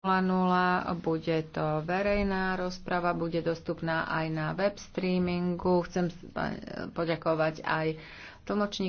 bude to verejná rozprava, bude dostupná aj na web streamingu. Chcem poďakovať aj tlmočníkom.